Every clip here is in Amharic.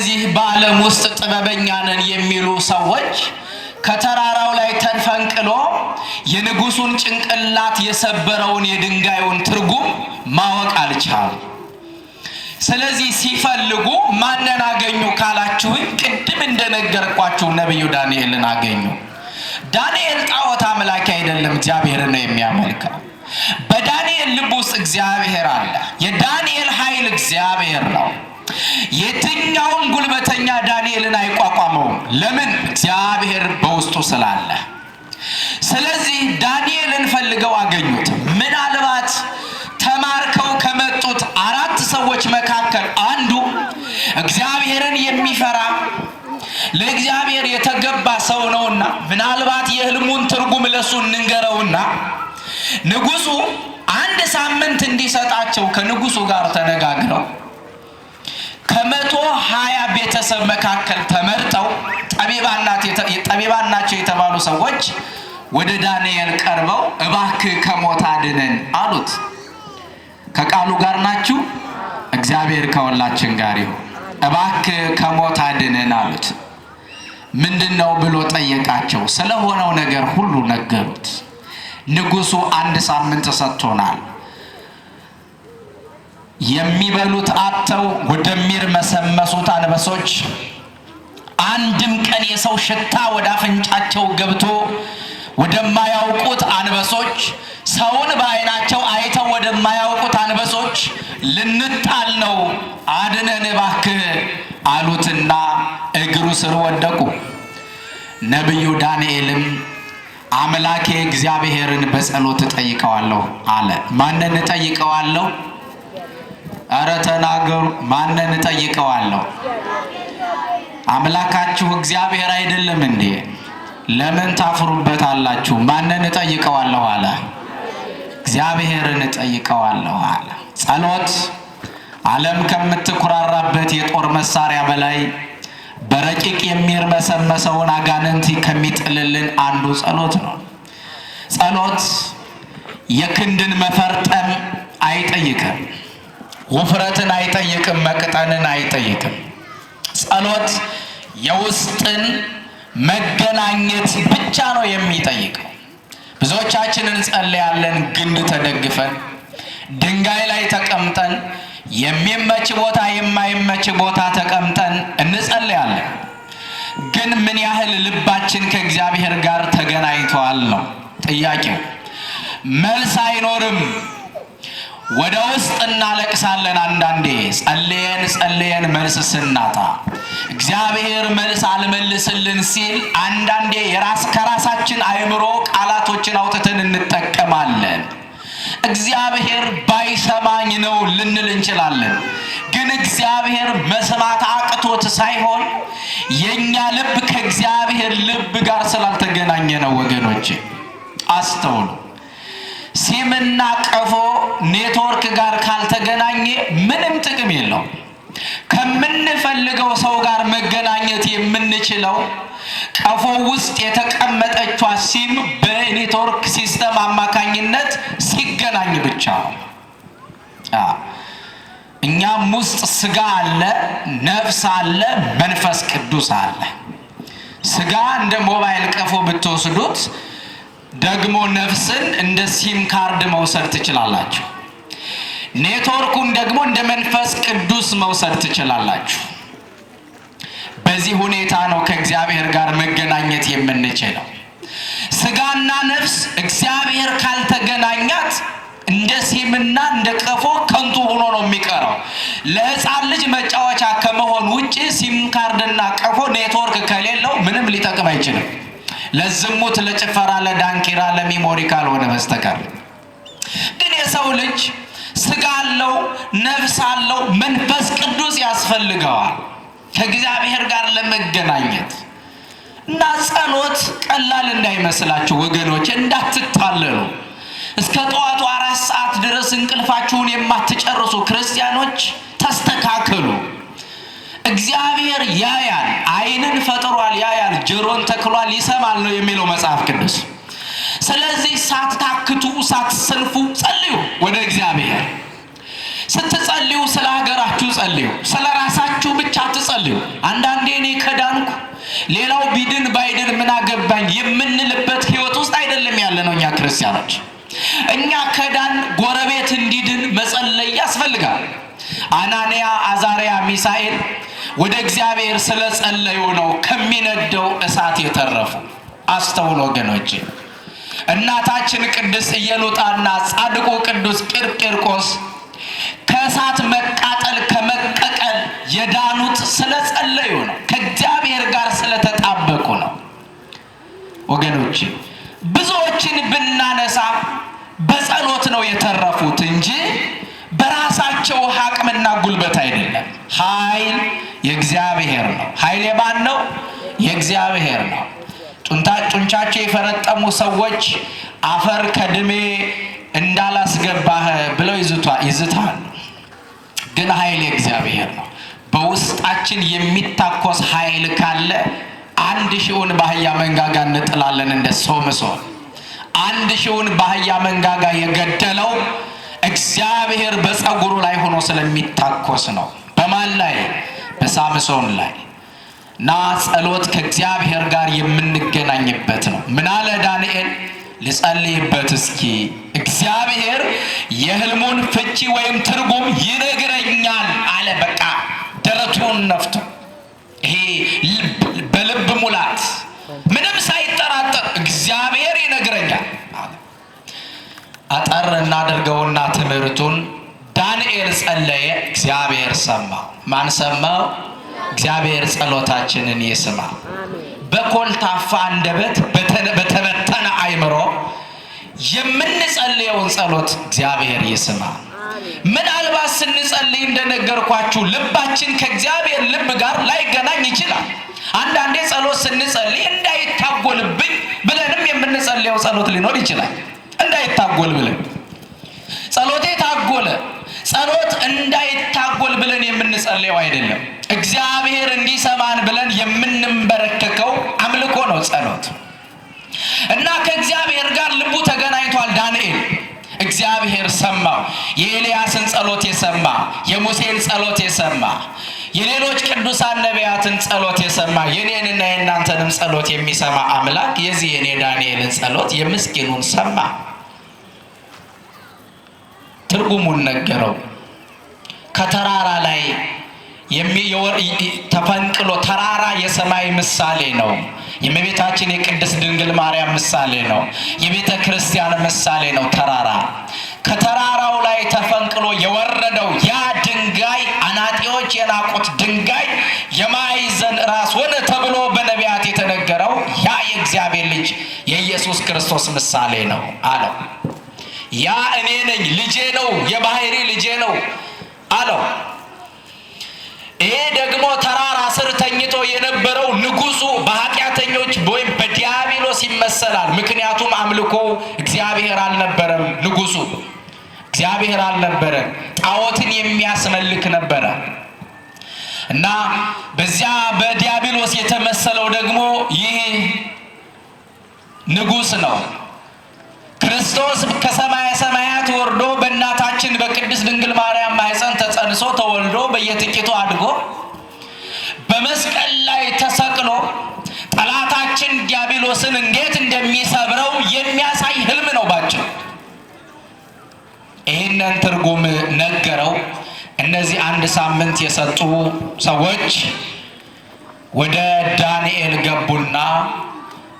እነዚህ በዓለም ውስጥ ጥበበኛ ነን የሚሉ ሰዎች ከተራራው ላይ ተንፈንቅሎ የንጉሱን ጭንቅላት የሰበረውን የድንጋዩን ትርጉም ማወቅ አልቻሉ። ስለዚህ ሲፈልጉ ማንን አገኙ ካላችሁኝ፣ ቅድም እንደነገርኳችሁ ነቢዩ ዳንኤልን አገኙ። ዳንኤል ጣዖት አምላኪ አይደለም፣ እግዚአብሔር ነው የሚያመልከው። በዳንኤል ልብ ውስጥ እግዚአብሔር አለ። የዳንኤል ኃይል እግዚአብሔር ነው። የትኛውም ጉልበተኛ ዳንኤልን አይቋቋመውም። ለምን? እግዚአብሔር በውስጡ ስላለ። ስለዚህ ዳንኤልን ፈልገው አገኙት። ምናልባት ተማርከው ከመጡት አራት ሰዎች መካከል አንዱ እግዚአብሔርን የሚፈራ ለእግዚአብሔር የተገባ ሰው ነውና ምናልባት የህልሙን ትርጉም ለሱ እንንገረውና ንጉሱ አንድ ሳምንት እንዲሰጣቸው ከንጉሱ ጋር ተነጋግረው ከመቶ ሀያ ቤተሰብ መካከል ተመርጠው ጠቢባን ናቸው የተባሉ ሰዎች ወደ ዳንኤል ቀርበው እባክህ ከሞት አድነን አሉት። ከቃሉ ጋር ናችሁ። እግዚአብሔር ከወላችን ጋር ይሁን። እባክህ ከሞት አድነን አሉት። ምንድን ነው ብሎ ጠየቃቸው። ስለሆነው ነገር ሁሉ ነገሩት። ንጉሱ አንድ ሳምንት ሰጥቶናል የሚበሉት አጥተው ወደሚርመሰመሱት አንበሶች አንድም ቀን የሰው ሽታ ወደ አፍንጫቸው ገብቶ ወደማያውቁት አንበሶች ሰውን በዓይናቸው አይተው ወደማያውቁት አንበሶች ልንጣል ነው አድነን እባክህ አሉትና እግሩ ስር ወደቁ። ነቢዩ ዳንኤልም አምላኬ እግዚአብሔርን በጸሎት እጠይቀዋለሁ አለ። ማንን እጠይቀዋለሁ? እረ ተናገሩ። ማንን እጠይቀዋለሁ? አምላካችሁ እግዚአብሔር አይደለም እንዴ? ለምን ታፍሩበት አላችሁ? ማንን እጠይቀዋለሁ አለ። እግዚአብሔርን እጠይቀዋለሁ አለ። ጸሎት ዓለም ከምትኩራራበት የጦር መሳሪያ በላይ በረቂቅ የሚርመሰመሰውን አጋንንት ከሚጥልልን አንዱ ጸሎት ነው። ጸሎት የክንድን መፈርጠም አይጠይቅም። ውፍረትን አይጠይቅም፣ መቅጠንን አይጠይቅም። ጸሎት የውስጥን መገናኘት ብቻ ነው የሚጠይቀው። ብዙዎቻችን እንጸልያለን፣ ግንድ ተደግፈን፣ ድንጋይ ላይ ተቀምጠን፣ የሚመች ቦታ የማይመች ቦታ ተቀምጠን እንጸልያለን። ግን ምን ያህል ልባችን ከእግዚአብሔር ጋር ተገናኝተዋል ነው ጥያቄው። መልስ አይኖርም። ወደ ውስጥ እናለቅሳለን። አንዳንዴ ጸልየን ጸልየን መልስ ስናጣ እግዚአብሔር መልስ አልመልስልን ሲል አንዳንዴ የራስ ከራሳችን አይምሮ ቃላቶችን አውጥተን እንጠቀማለን። እግዚአብሔር ባይሰማኝ ነው ልንል እንችላለን። ግን እግዚአብሔር መስማት አቅቶት ሳይሆን የእኛ ልብ ከእግዚአብሔር ልብ ጋር ስላልተገናኘ ነው። ወገኖች አስተውሉ። ሲምና ቀፎ ኔትወርክ ጋር ካልተገናኘ ምንም ጥቅም የለው ከምንፈልገው ሰው ጋር መገናኘት የምንችለው ቀፎ ውስጥ የተቀመጠቿ ሲም በኔትወርክ ሲስተም አማካኝነት ሲገናኝ ብቻ ነው። እኛም ውስጥ ስጋ አለ፣ ነፍስ አለ፣ መንፈስ ቅዱስ አለ። ስጋ እንደ ሞባይል ቀፎ ብትወስዱት ደግሞ ነፍስን እንደ ሲም ካርድ መውሰድ ትችላላችሁ። ኔትወርኩን ደግሞ እንደ መንፈስ ቅዱስ መውሰድ ትችላላችሁ። በዚህ ሁኔታ ነው ከእግዚአብሔር ጋር መገናኘት የምንችለው። ስጋና ነፍስ እግዚአብሔር ካልተገናኛት እንደ ሲምና እንደ ቀፎ ከንቱ ሆኖ ነው የሚቀረው። ለሕፃን ልጅ መጫወቻ ከመሆን ውጭ ሲም ካርድና ቀፎ ኔትወርክ ከሌለው ምንም ሊጠቅም አይችልም። ለዝሙት፣ ለጭፈራ፣ ለዳንኪራ፣ ለሚሞሪ ካልሆነ በስተቀር ግን የሰው ልጅ ስጋ አለው፣ ነፍስ አለው፣ መንፈስ ቅዱስ ያስፈልገዋል ከእግዚአብሔር ጋር ለመገናኘት እና ጸሎት ቀላል እንዳይመስላችሁ ወገኖች፣ እንዳትታለሉ። እስከ ጠዋቱ አራት ሰዓት ድረስ እንቅልፋችሁን የማትጨርሱ ክርስቲያኖች ተስተካከሉ። እግዚአብሔር ያያል። አይንን ፈጥሯል፣ ያያል። ጆሮን ተክሏል፣ ይሰማል ነው የሚለው መጽሐፍ ቅዱስ። ስለዚህ ሳትታክቱ ሳትሰልፉ ጸልዩ ወደ እግዚአብሔር። ስትጸልዩ ስለ ሀገራችሁ ጸልዩ፣ ስለ ራሳችሁ ብቻ ትጸልዩ አንዳንዴ እኔ ከዳንኩ ሌላው ቢድን ባይድን ምን አገባኝ የምንልበት ህይወት ውስጥ አይደለም ያለ ነው እኛ ክርስቲያኖች። እኛ ከዳን ጎረቤት እንዲድን መጸለይ ያስፈልጋል። አናንያ፣ አዛሪያ፣ ሚሳኤል ወደ እግዚአብሔር ጸለዩ ነው ከሚነደው እሳት የተረፉ። አስተውሎ ወገኖች እናታችን ቅድስት እየሉጣና ጻድቁ ቅዱስ ቂርቂርቆስ ከእሳት መቃጠል ከመቀቀል የዳኑት ጸለዩ ነው፣ ከእግዚአብሔር ጋር ስለተጣበቁ ነው። ወገኖች ብዙዎችን ብናነሳ በጸሎት ነው የተረፉት እንጂ በራሳቸው አቅምና ጉልበት አይደለም። ኃይል የእግዚአብሔር ነው። ኃይል የማን ነው? የእግዚአብሔር ነው። ጡንቻቸው የፈረጠሙ ሰዎች አፈር ከድሜ እንዳላስገባህ ብለው ይዝታሉ። ግን ኃይል የእግዚአብሔር ነው። በውስጣችን የሚታኮስ ኃይል ካለ አንድ ሺውን ባህያ መንጋጋ እንጥላለን እንደ ሶምሶን። አንድ ሺውን ባህያ መንጋጋ የገደለው እግዚአብሔር በፀጉሩ ላይ ሆኖ ስለሚታኮስ ነው። በማን ላይ? በሳምሶን ላይ እና ጸሎት ከእግዚአብሔር ጋር የምንገናኝበት ነው። ምን አለ ዳንኤል? ልጸልይበት እስኪ እግዚአብሔር የህልሙን ፍቺ ወይም ትርጉም ይነግረኛል አለ። በቃ ደረቱን ነፍቶ ይሄ በልብ ሙላት ምንም ሳይጠራጠር እግዚአብሔር ይነግረኛል አለ። አጠር እናድርገውና ትምህርቱን ዳንኤል ጸለየ፣ እግዚአብሔር ሰማው። ማን ሰማው? እግዚአብሔር ጸሎታችንን ይስማ። በኮልታፋ አንደበት፣ በተበተነ አይምሮ የምንጸልየውን ጸሎት እግዚአብሔር ይስማ። ምናልባት ስንጸልይ እንደነገርኳችሁ ልባችን ከእግዚአብሔር ልብ ጋር ላይገናኝ ይችላል። አንዳንዴ ጸሎት ስንጸልይ እንዳይታጎልብኝ ብለንም የምንጸልየው ጸሎት ሊኖር ይችላል። እንዳይታጎል ብለን ጸሎቴ ታጎለ ጸሎት እንዳይታጎል ብለን የምንጸልየው አይደለም። እግዚአብሔር እንዲሰማን ብለን የምንበረከከው አምልኮ ነው ጸሎት እና ከእግዚአብሔር ጋር ልቡ ተገናኝቷል ዳንኤል። እግዚአብሔር ሰማው። የኤልያስን ጸሎት የሰማ የሙሴን ጸሎት የሰማ የሌሎች ቅዱሳን ነቢያትን ጸሎት የሰማ የኔንና የእናንተንም ጸሎት የሚሰማ አምላክ የዚህ የኔ ዳንኤልን ጸሎት የምስኪኑን ሰማ፣ ትርጉሙን ነገረው። ከተራራ ላይ ተፈንቅሎ ተራራ የሰማይ ምሳሌ ነው። የእመቤታችን የቅድስት ድንግል ማርያም ምሳሌ ነው። የቤተ ክርስቲያን ምሳሌ ነው። ተራራ ከተራራው ላይ ተፈንቅሎ የወረደው ያ ድንጋይ አናጢዎች የናቁት ድንጋይ የማዕዘን ራስ ሆነ ተብሎ በነቢያት የተነገረው ያ የእግዚአብሔር ልጅ የኢየሱስ ክርስቶስ ምሳሌ ነው አለው። ያ እኔ ነኝ፣ ልጄ ነው፣ የባህሪ ልጄ ነው አለው። ይሄ ደግሞ ተራራ ስር ተኝቶ የነበረው ንጉሱ በኃጢአተኞች ወይም በዲያብሎስ ይመሰላል። ምክንያቱም አምልኮ እግዚአብሔር አልነበረም። ንጉሱ እግዚአብሔር አልነበረ ጣዖትን የሚያስመልክ ነበረ። እና በዚያ በዲያብሎስ የተመሰለው ደግሞ ይህ ንጉስ ነው። ክርስቶስ ከሰማየ ሰማያት ወርዶ በየጥቂቱ አድጎ በመስቀል ላይ ተሰቅሎ ጠላታችን ዲያብሎስን እንዴት እንደሚሰብረው የሚያሳይ ህልም ነው። ባቸው ይህንን ትርጉም ነገረው። እነዚህ አንድ ሳምንት የሰጡ ሰዎች ወደ ዳንኤል ገቡና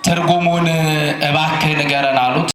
ትርጉሙን እባክህ ንገረን አሉት።